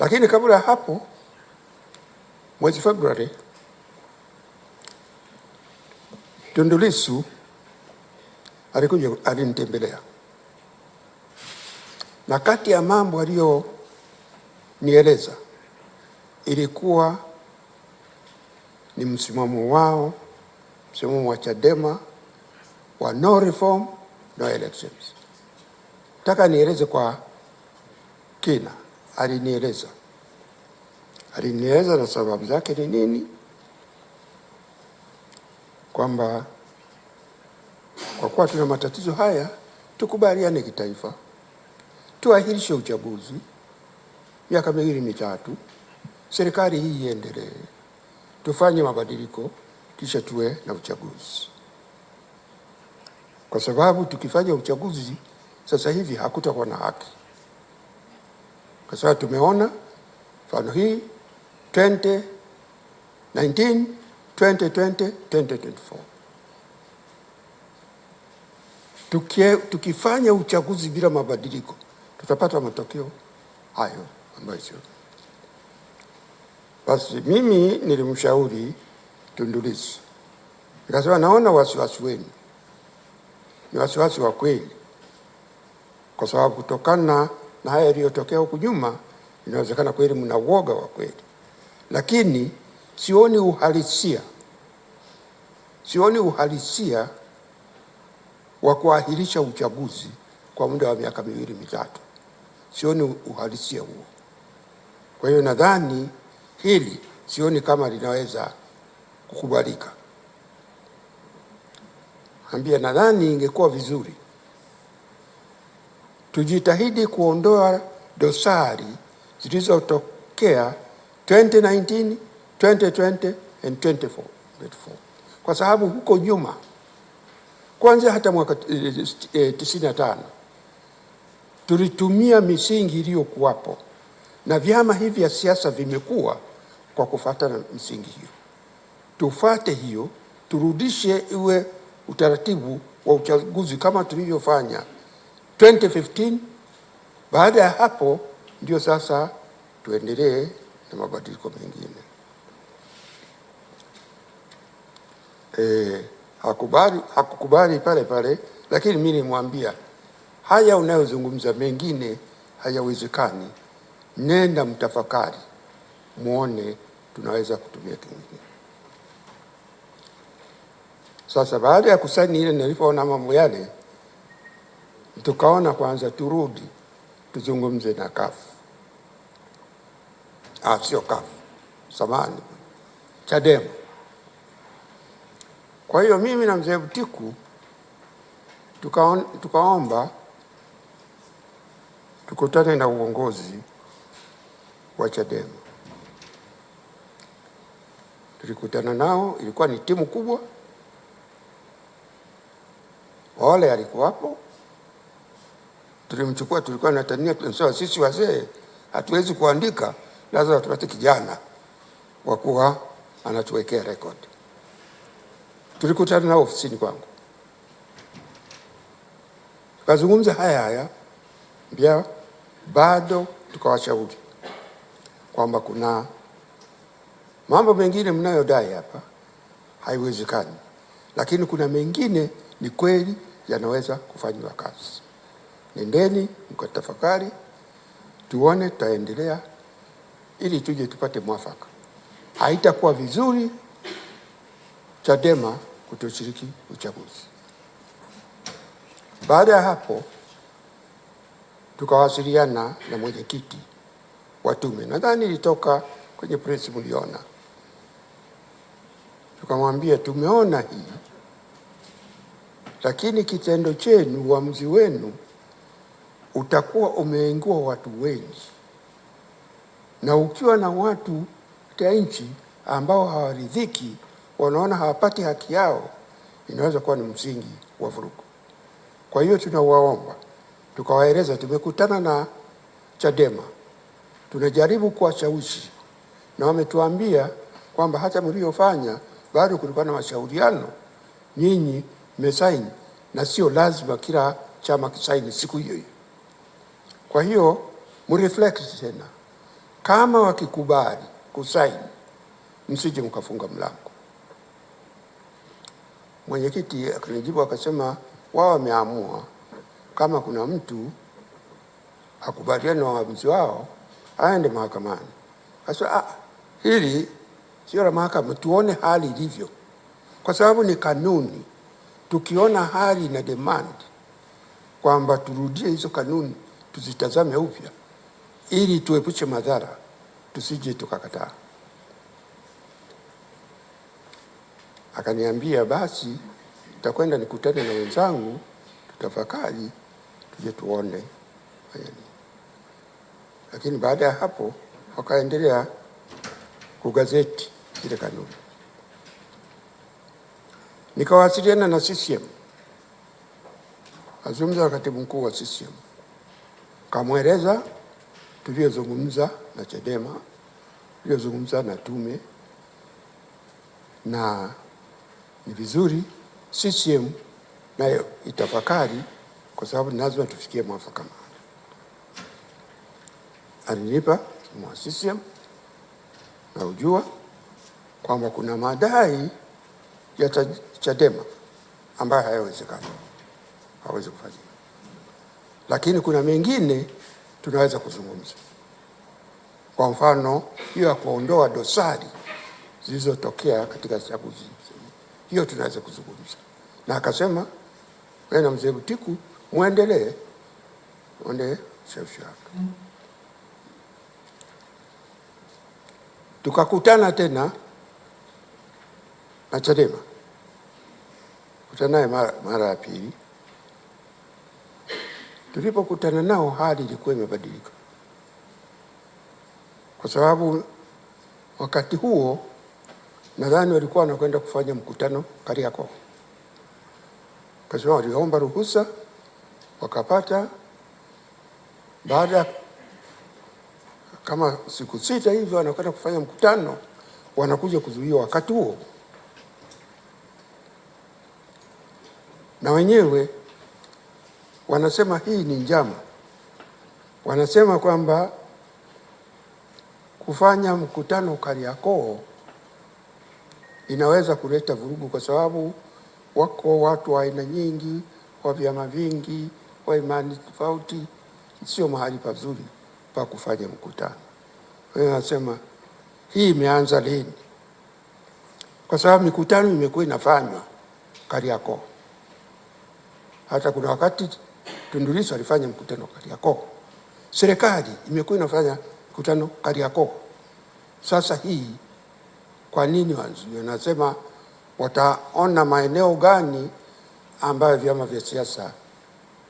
Lakini kabla ya hapo, mwezi Februari, Tundu Lissu alikuja alinitembelea, na kati ya mambo aliyonieleza ilikuwa ni msimamo wao, msimamo wa Chadema wa no reform no elections. Nataka nieleze kwa kina alinieleza, alinieleza na sababu zake ni nini, kwamba kwa kuwa tuna matatizo haya tukubaliane kitaifa, tuahirishe uchaguzi miaka miwili mitatu, serikali hii iendelee, tufanye mabadiliko, kisha tuwe na uchaguzi, kwa sababu tukifanya uchaguzi sasa hivi hakutakuwa na haki kwa sababu tumeona mfano hii 2019 2020 2024 tukie, tukifanya uchaguzi bila mabadiliko tutapata matokeo hayo ambayo sio. Basi mimi nilimshauri Tundu Lissu nikasema, naona wasiwasi wenu ni wasiwasi wa kweli, kwa sababu kutokana na haya yaliyotokea huku nyuma, inawezekana kweli mna uoga wa kweli, lakini sioni uhalisia, sioni uhalisia wa kuahirisha uchaguzi kwa muda wa miaka miwili mitatu, sioni uhalisia huo. Kwa hiyo nadhani hili sioni kama linaweza kukubalika. Ambia, nadhani ingekuwa vizuri tujitahidi kuondoa dosari zilizotokea 2019, 2020 and 2024 kwa sababu huko nyuma kwanza hata mwaka 95 e, eh, eh, eh, na tulitumia misingi iliyokuwapo na vyama hivi vya siasa vimekuwa kwa kufuatana misingi hiyo. Tufate hiyo, turudishe iwe utaratibu wa uchaguzi kama tulivyofanya 2015. Baada ya hapo ndio sasa tuendelee na mabadiliko mengine. E, hakubali hakukubali pale pale, lakini mimi nimwambia haya unayozungumza mengine hayawezekani, nenda mtafakari, muone tunaweza kutumia kingine. Sasa baada ya kusaini ile, nilipoona mambo yale tukaona kwanza turudi tuzungumze na kafu ah, sio kafu samani Chadema. Kwa hiyo mimi na mzee Butiku tukaon, tukaomba tukutane na uongozi wa Chadema. Tulikutana nao, ilikuwa ni timu kubwa. Ole alikuwapo tulimchukua, tulikuwa na tania, tunasema sisi wazee hatuwezi kuandika, lazima tupate kijana wa kuwa anatuwekea rekodi. Tulikutana nao ofisini kwangu, tukazungumza haya haya mbia, bado tukawashauri kwamba kuna mambo mengine mnayodai hapa haiwezekani, lakini kuna mengine ni kweli yanaweza kufanywa kazi. Nendeni mkatafakari, tuone tutaendelea ili tuje tupate mwafaka. Haitakuwa vizuri Chadema kutoshiriki uchaguzi. Baada ya hapo, tukawasiliana na mwenyekiti wa tume, nadhani ilitoka kwenye press mliona, tukamwambia tumeona hii, lakini kitendo chenu, uamuzi wenu utakuwa umeingua watu wengi, na ukiwa na watu katika nchi ambao hawaridhiki, wanaona hawapati haki yao, inaweza kuwa ni msingi wa vurugu. Kwa hiyo tunawaomba, tukawaeleza, tumekutana na Chadema, tunajaribu kuwashawishi na wametuambia kwamba hata mliofanya bado kulikuwa na mashauriano, nyinyi mmesaini na sio lazima kila chama kisaini siku hiyo hiyo. Kwa hiyo mreflect tena, kama wakikubali kusaini, msije mkafunga mlango. Mwenyekiti akanijibu akasema, wao wameamua kama kuna mtu akubaliana na waamuzi wao aende mahakamani. Sasa ah, hili sio la mahakama, tuone hali ilivyo, kwa sababu ni kanuni. Tukiona hali na demand kwamba turudie hizo kanuni tuzitazame upya ili tuepuche madhara, tusije tukakataa. Akaniambia basi takwenda nikutane na wenzangu, tutafakari, tuje tuone. Lakini baada ya hapo wakaendelea kugazeti ile kanuni. Nikawasiliana na CCM, azungumza na katibu mkuu wa CCM kamweleza tuliozungumza na Chadema, tuliyozungumza na tume, na ni vizuri CCM nayo itafakari, kwa sababu lazima tufikie mwafaka mahali. Alinipa mwa CCM na ujua kwamba kuna madai ya Chadema ambayo hayawezekani, hawezi kufanyika lakini kuna mengine tunaweza kuzungumza. Kwa mfano hiyo ya kuondoa dosari zilizotokea katika chaguzi, hiyo tunaweza kuzungumza, na akasema wewe na mzee Butiku mwendelee onde shafshaf mm. Tukakutana tena na Chadema, kutanaye mara ya pili. Tulipokutana nao hali ilikuwa imebadilika, kwa sababu wakati huo nadhani walikuwa wanakwenda kufanya mkutano Kariakoo. Kasema waliomba ruhusa wakapata. Baada kama siku sita hivyo wanakwenda kufanya mkutano, wanakuja kuzuiwa wakati huo na wenyewe wanasema hii ni njama, wanasema kwamba kufanya mkutano Kariakoo inaweza kuleta vurugu, kwa sababu wako watu wa aina nyingi, wa vyama vingi, wa imani tofauti, sio mahali pazuri pa kufanya mkutano. Kwa hiyo wanasema hii imeanza lini? Kwa sababu mikutano imekuwa inafanywa Kariakoo, hata kuna wakati Tundu Lissu alifanya mkutano Kariakoo. Serikali imekuwa inafanya mkutano Kariakoo. Sasa hii kwa nini wanasema wataona maeneo gani ambayo vyama vya siasa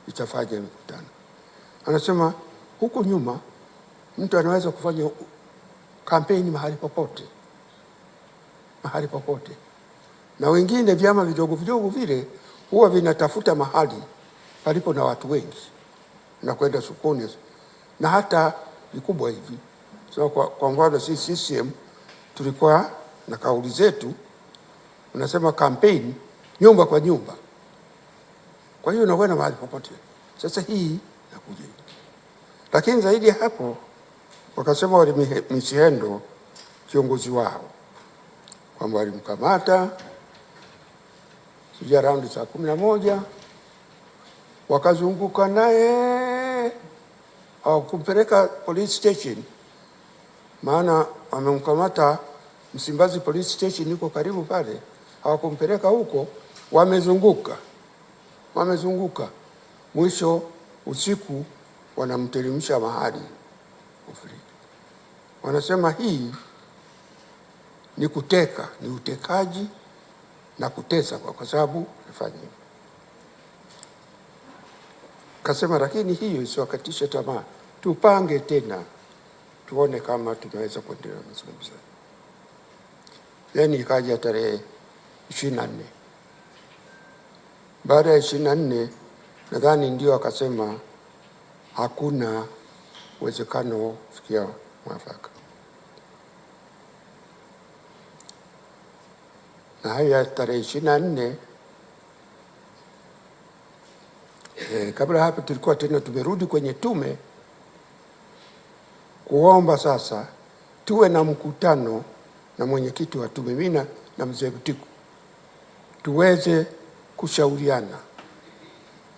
vitafanya mkutano Anasema huku nyuma mtu anaweza kufanya kampeni mahali popote, mahali popote, na wengine vyama vidogo vidogo vile huwa vinatafuta mahali palipo na watu wengi na kwenda sokoni na hata vikubwa hivi. So, kwa, kwa mfano sisi CCM tulikuwa na kauli zetu, unasema campaign nyumba kwa nyumba, kwa hiyo unakwenda mahali popote. Sasa hii nakuja, lakini zaidi ya hapo wakasema walimisihendo kiongozi wao kwamba walimkamata sijui raundi saa kumi na moja wakazunguka naye hawakumpeleka police station, maana wamemkamata Msimbazi police station, iko karibu pale. Hawakumpeleka huko, wamezunguka wamezunguka, mwisho usiku wanamteremsha mahali wanasema hii ni kuteka, ni utekaji na kutesa, kwa sababu alifanya Kasema lakini hiyo isiwakatishe tamaa, tupange tena tuone kama tunaweza kuendelea na mazungumzo. Yani ikaja tarehe ishirini na nne. Baada ya ishirini na nne nadhani ndio akasema hakuna uwezekano wa kufikia mwafaka, na hayo ya tarehe ishirini na nne E, kabla hapo tulikuwa tena tumerudi kwenye tume kuomba sasa tuwe na mkutano na mwenyekiti wa tume mina na mzee Butiku tuweze kushauriana,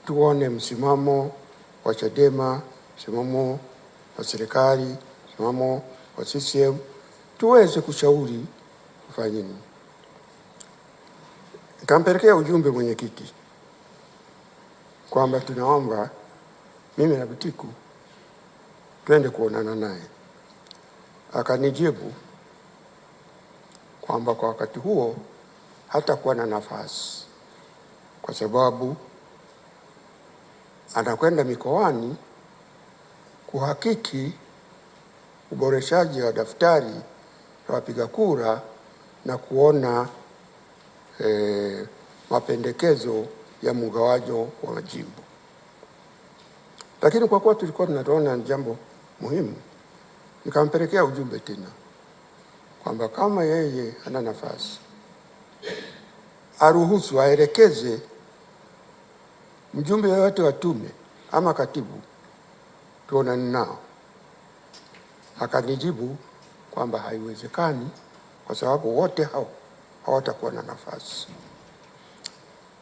tuone msimamo wa Chadema, msimamo wa serikali, msimamo wa CCM, tuweze kushauri kufanya nini. Nikampelekea ujumbe mwenyekiti kwamba tunaomba mimi na Butiku twende kuonana naye. Akanijibu kwamba kwa wakati huo hatakuwa na nafasi kwa sababu anakwenda mikoani kuhakiki uboreshaji wa daftari la wapiga kura na kuona eh, mapendekezo ya mgawanyo wa majimbo. Lakini kwa kuwa tulikuwa tunatuona ni jambo muhimu, nikampelekea ujumbe tena kwamba kama yeye ana nafasi aruhusu aelekeze mjumbe yoyote wa tume ama katibu tuonani nao. Akanijibu kwamba haiwezekani kwa sababu wote hao hawatakuwa na nafasi.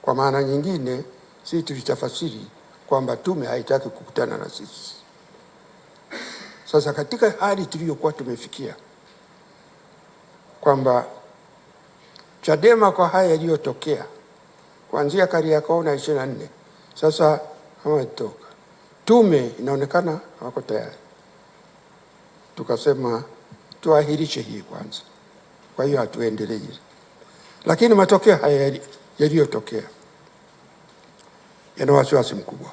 Kwa maana nyingine, sisi tulitafasiri kwamba tume haitaki kukutana na sisi. Sasa katika hali tuliyokuwa tumefikia kwamba Chadema kwa haya yaliyotokea kuanzia Kariakoo na ishirini na nne sasa hawatoka tume, inaonekana hawako tayari. Tukasema tuahirishe hii kwanza, kwa hiyo hatuendelee, lakini matokeo haya yaliyotokea yana wasiwasi mkubwa.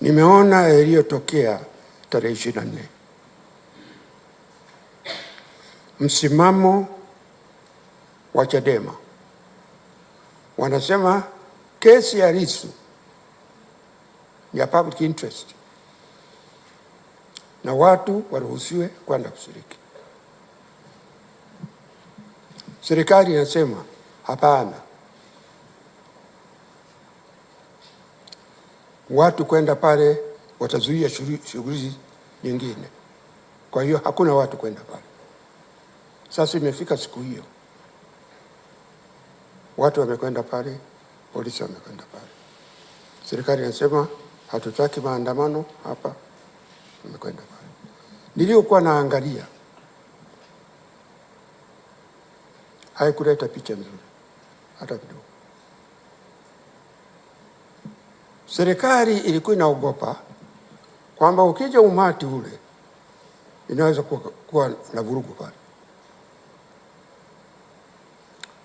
Nimeona yaliyotokea tarehe ishirini na nne. Msimamo wa Chadema wanasema kesi ya Lissu ya public interest na watu waruhusiwe kwenda kushiriki. Serikali inasema Hapana, watu kwenda pale watazuia shughuli nyingine, kwa hiyo hakuna watu kwenda pale. Sasa imefika siku hiyo, watu wamekwenda pale, polisi wamekwenda pale, serikali inasema hatutaki maandamano hapa, wamekwenda pale. Niliokuwa naangalia haikuleta picha nzuri hata kidogo. Serikali ilikuwa inaogopa kwamba ukija umati ule inaweza kuwa, kuwa na vurugu pale.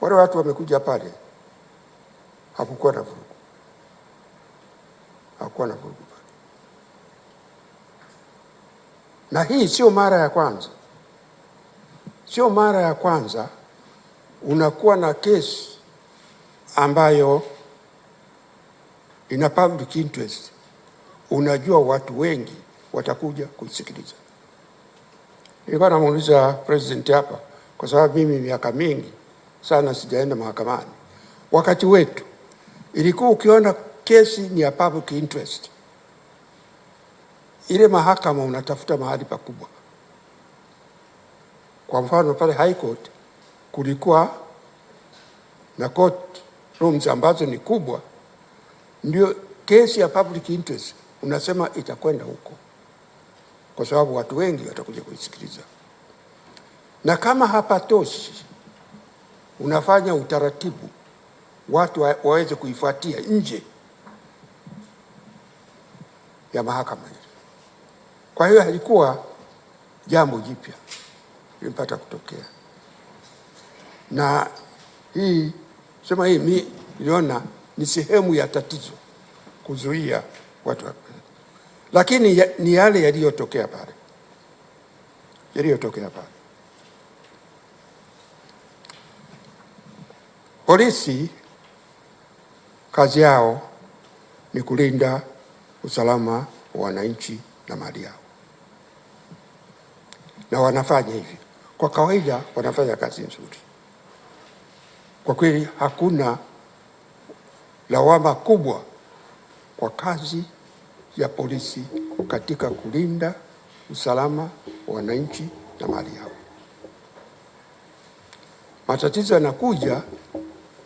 Wale watu wamekuja pale, hakukuwa na vurugu, hakukuwa na vurugu pale. Na hii sio mara ya kwanza, sio mara ya kwanza unakuwa na kesi ambayo ina public interest, unajua watu wengi watakuja kuisikiliza. Nilikuwa namuuliza president hapa, kwa sababu mimi miaka mingi sana sijaenda mahakamani. Wakati wetu ilikuwa ukiona kesi ni ya public interest, ile mahakama unatafuta mahali pakubwa. Kwa mfano pale High Court kulikuwa na court rooms ambazo ni kubwa, ndio kesi ya public interest unasema itakwenda huko, kwa sababu watu wengi watakuja kuisikiliza. Na kama hapa toshi, unafanya utaratibu watu wa, waweze kuifuatia nje ya mahakama. Kwa hiyo halikuwa jambo jipya, limepata kutokea na hii sema hii mi niona ni sehemu ya tatizo kuzuia watu, lakini ya, ni yale yaliyotokea pale yaliyotokea pale. Polisi kazi yao ni kulinda usalama wa wananchi na mali yao, na wanafanya hivi kwa kawaida, wanafanya kazi nzuri. Kwa kweli hakuna lawama kubwa kwa kazi ya polisi katika kulinda usalama wa wananchi na mali yao. Matatizo yanakuja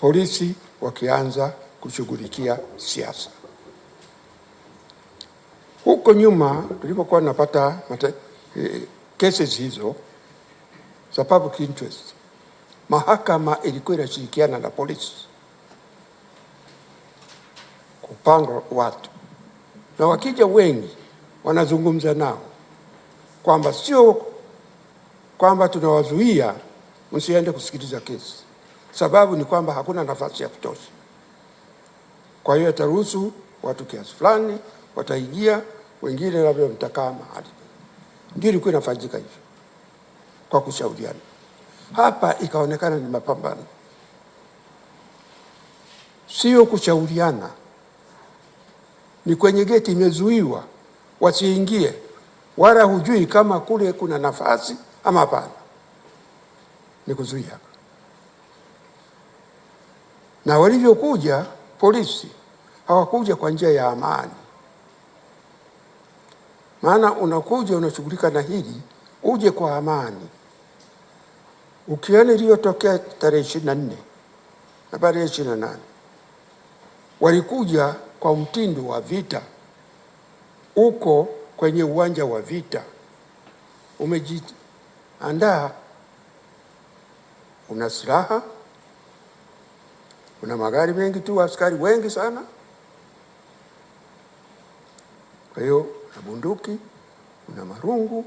polisi wakianza kushughulikia siasa. Huko nyuma tulipokuwa tunapata kesi eh, hizo za public interest mahakama ilikuwa inashirikiana na polisi kupanga watu, na wakija wengi wanazungumza nao kwamba sio kwamba tunawazuia msiende kusikiliza kesi, sababu ni kwamba hakuna nafasi ya kutosha. Kwa hiyo ataruhusu watu kiasi fulani wataingia, wengine labda mtakaa mahali. Ndio ilikuwa inafanyika hivyo kwa kushauriana. Hapa ikaonekana ni mapambano, sio kushauriana. Ni kwenye geti imezuiwa wasiingie, wala hujui kama kule kuna nafasi ama hapana. Ni kuzuia, na walivyokuja polisi hawakuja kwa njia ya amani, maana unakuja unashughulika na hili uje kwa amani. Ukiona iliyotokea tarehe ishirini na nne na baadaye ishirini na nane walikuja kwa mtindo wa vita. Uko kwenye uwanja wa vita, umejiandaa, una silaha, una magari mengi tu, askari wengi sana, kwa hiyo una bunduki, una marungu,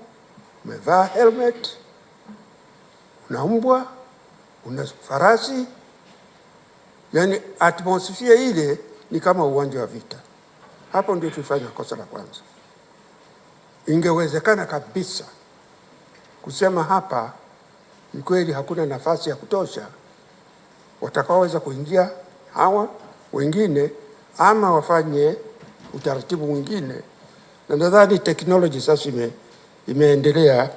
umevaa helmet una mbwa, una farasi. Yani atmosphere ile ni kama uwanja wa vita. Hapo ndio tulifanya kosa la kwanza. Ingewezekana kabisa kusema hapa ni kweli hakuna nafasi ya kutosha, watakaoweza kuingia hawa wengine, ama wafanye utaratibu mwingine, na nadhani teknoloji sasa ime, imeendelea,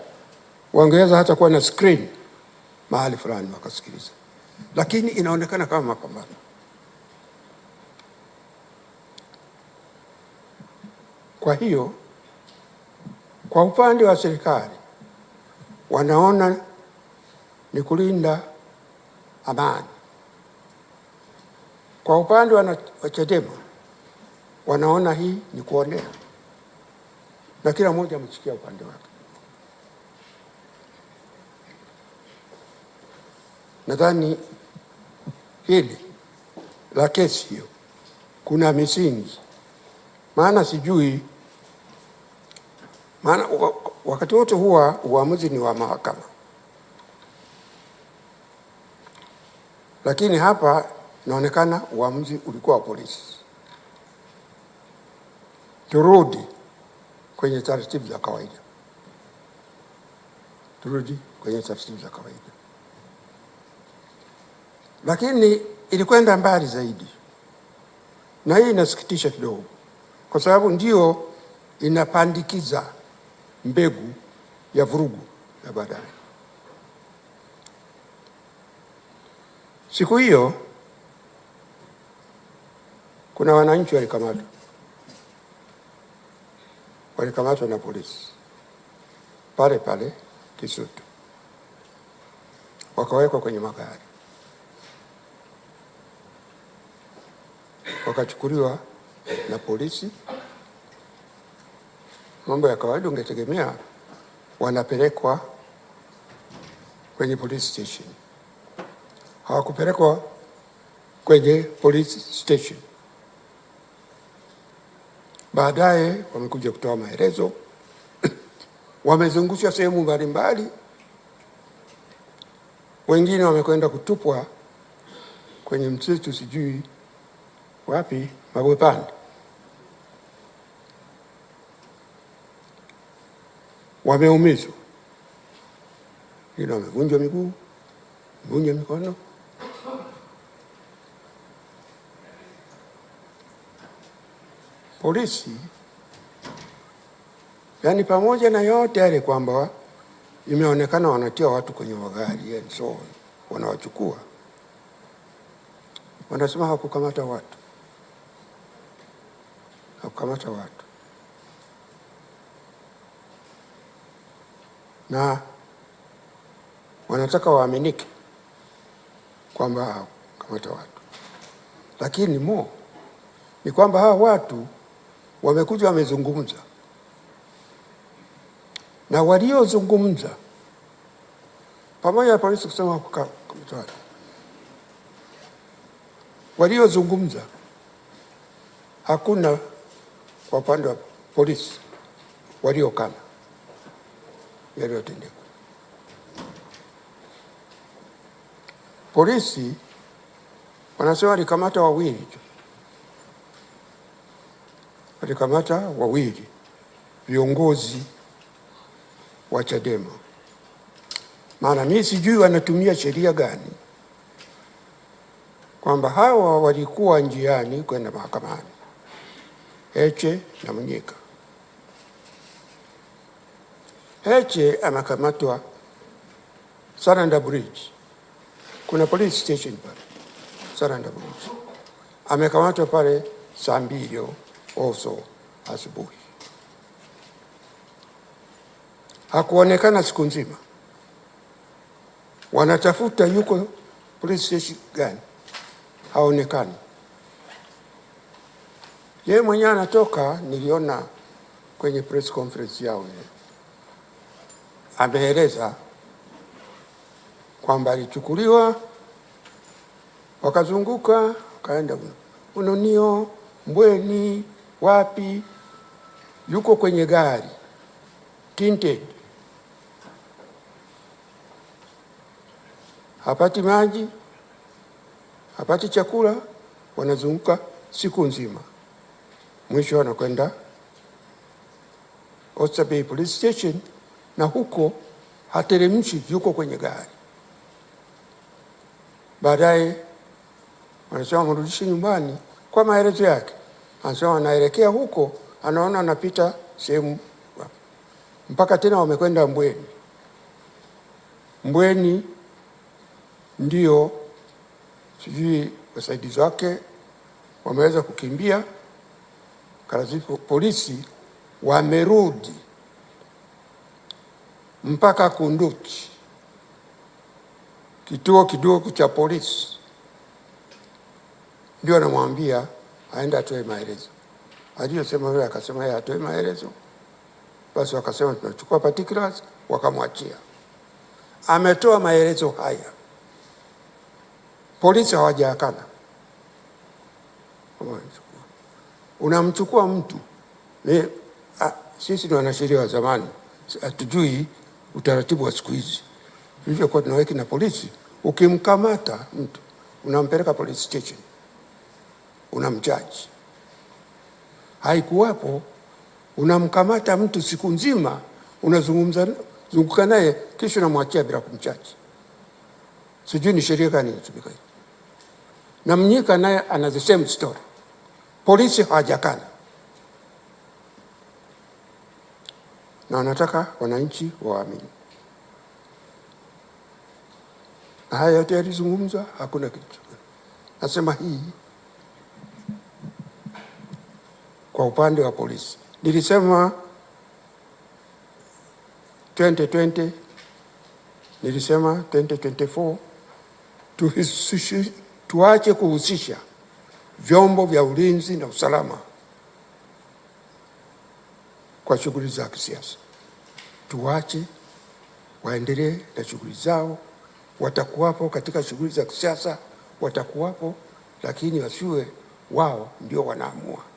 wangeweza hata kuwa na screen mahali fulani wakasikiliza, lakini inaonekana kama mapambano. Kwa hiyo kwa upande wa serikali wanaona ni kulinda amani. Kwa upande wa Chadema wanaona hii ni kuonea, na kila mmoja amesikia upande wake. Nadhani hili la kesi hiyo kuna misingi, maana sijui, maana wakati wote huwa uamuzi ni wa mahakama, lakini hapa inaonekana uamuzi ulikuwa wa polisi. Turudi kwenye taratibu za kawaida, turudi kwenye taratibu za kawaida. Lakini ilikwenda mbali zaidi, na hii inasikitisha kidogo, kwa sababu ndio inapandikiza mbegu ya vurugu ya baadaye. Siku hiyo kuna wananchi walikamatwa, walikamatwa na polisi pale pale Kisutu, wakawekwa kwenye magari. wakachukuliwa na polisi. Mambo ya kawaida, ungetegemea wanapelekwa kwenye police station, hawakupelekwa kwenye police station. Baadaye wamekuja kutoa maelezo wamezungushwa sehemu mbalimbali, wengine wamekwenda kutupwa kwenye msitu sijui wapi? Mabwepani. Wameumizwa, wengine wamevunjwa miguu, vunja mikono. Polisi yaani, pamoja na yote yale kwamba imeonekana wanatia watu kwenye magari and so wanawachukua wanasema hawakukamata watu na kukamata watu, na wanataka waaminike kwamba kamata watu, lakini mo ni kwamba hawa watu wamekuja wamezungumza, na waliozungumza pamoja na polisi kusema hawakukamata watu, waliozungumza hakuna kwa upande wa polisi waliokana yaliyotendeka. Polisi wanasema walikamata wawili tu, walikamata wawili viongozi wa Chadema. Maana mi sijui wanatumia sheria gani, kwamba hawa walikuwa njiani kwenda mahakamani Heche na Mnyika. Heche anakamatwa Saranda Bridge, kuna police station pale Saranda Bridge, amekamatwa pale saa mbili oso asubuhi, hakuonekana siku nzima, wanatafuta yuko police station gani, haonekani. Yeye mwenyewe anatoka, niliona kwenye press conference yao ameeleza kwamba alichukuliwa, wakazunguka wakaenda Ununio, Mbweni, wapi, yuko kwenye gari tinted, hapati maji, hapati chakula, wanazunguka siku nzima mwisho anakwenda Oyster Police Station, na huko hateremshi, yuko kwenye gari. Baadaye wanasema wamrudishe nyumbani kwa maelezo yake. Anasema anaelekea huko, anaona anapita sehemu mpaka tena wamekwenda Mbweni. Mbweni ndio sijui wasaidizi wake wameweza kukimbia Karatibu polisi wamerudi mpaka Kunduchi, kituo kidogo cha polisi, ndio anamwambia aende atoe maelezo. Aliyosema yule akasema yeye atoe maelezo, basi wakasema tunachukua particulars, wakamwachia. Ametoa maelezo haya, polisi hawajaakana unamchukua mtu ni, a, ah, sisi ni wanasheria wa zamani, hatujui utaratibu wa siku hizi ilivyokuwa tunaweki na polisi. Ukimkamata mtu unampeleka police station, unamjaji. Haikuwapo unamkamata mtu siku nzima, unazungumza zunguka naye, kisha unamwachia bila kumchaji. Sijui ni sheria gani inatumika, na Mnyika naye ana the same story. Polisi hawajakana na wanataka wananchi waamini. Na haya yote yalizungumzwa, hakuna kitu. Nasema hii kwa upande wa polisi, nilisema 2020 nilisema 2024 tuache kuhusisha vyombo vya ulinzi na usalama kwa shughuli za kisiasa. Tuwache waendelee na shughuli zao, watakuwapo katika shughuli za kisiasa, watakuwapo, lakini wasiwe wao ndio wanaamua.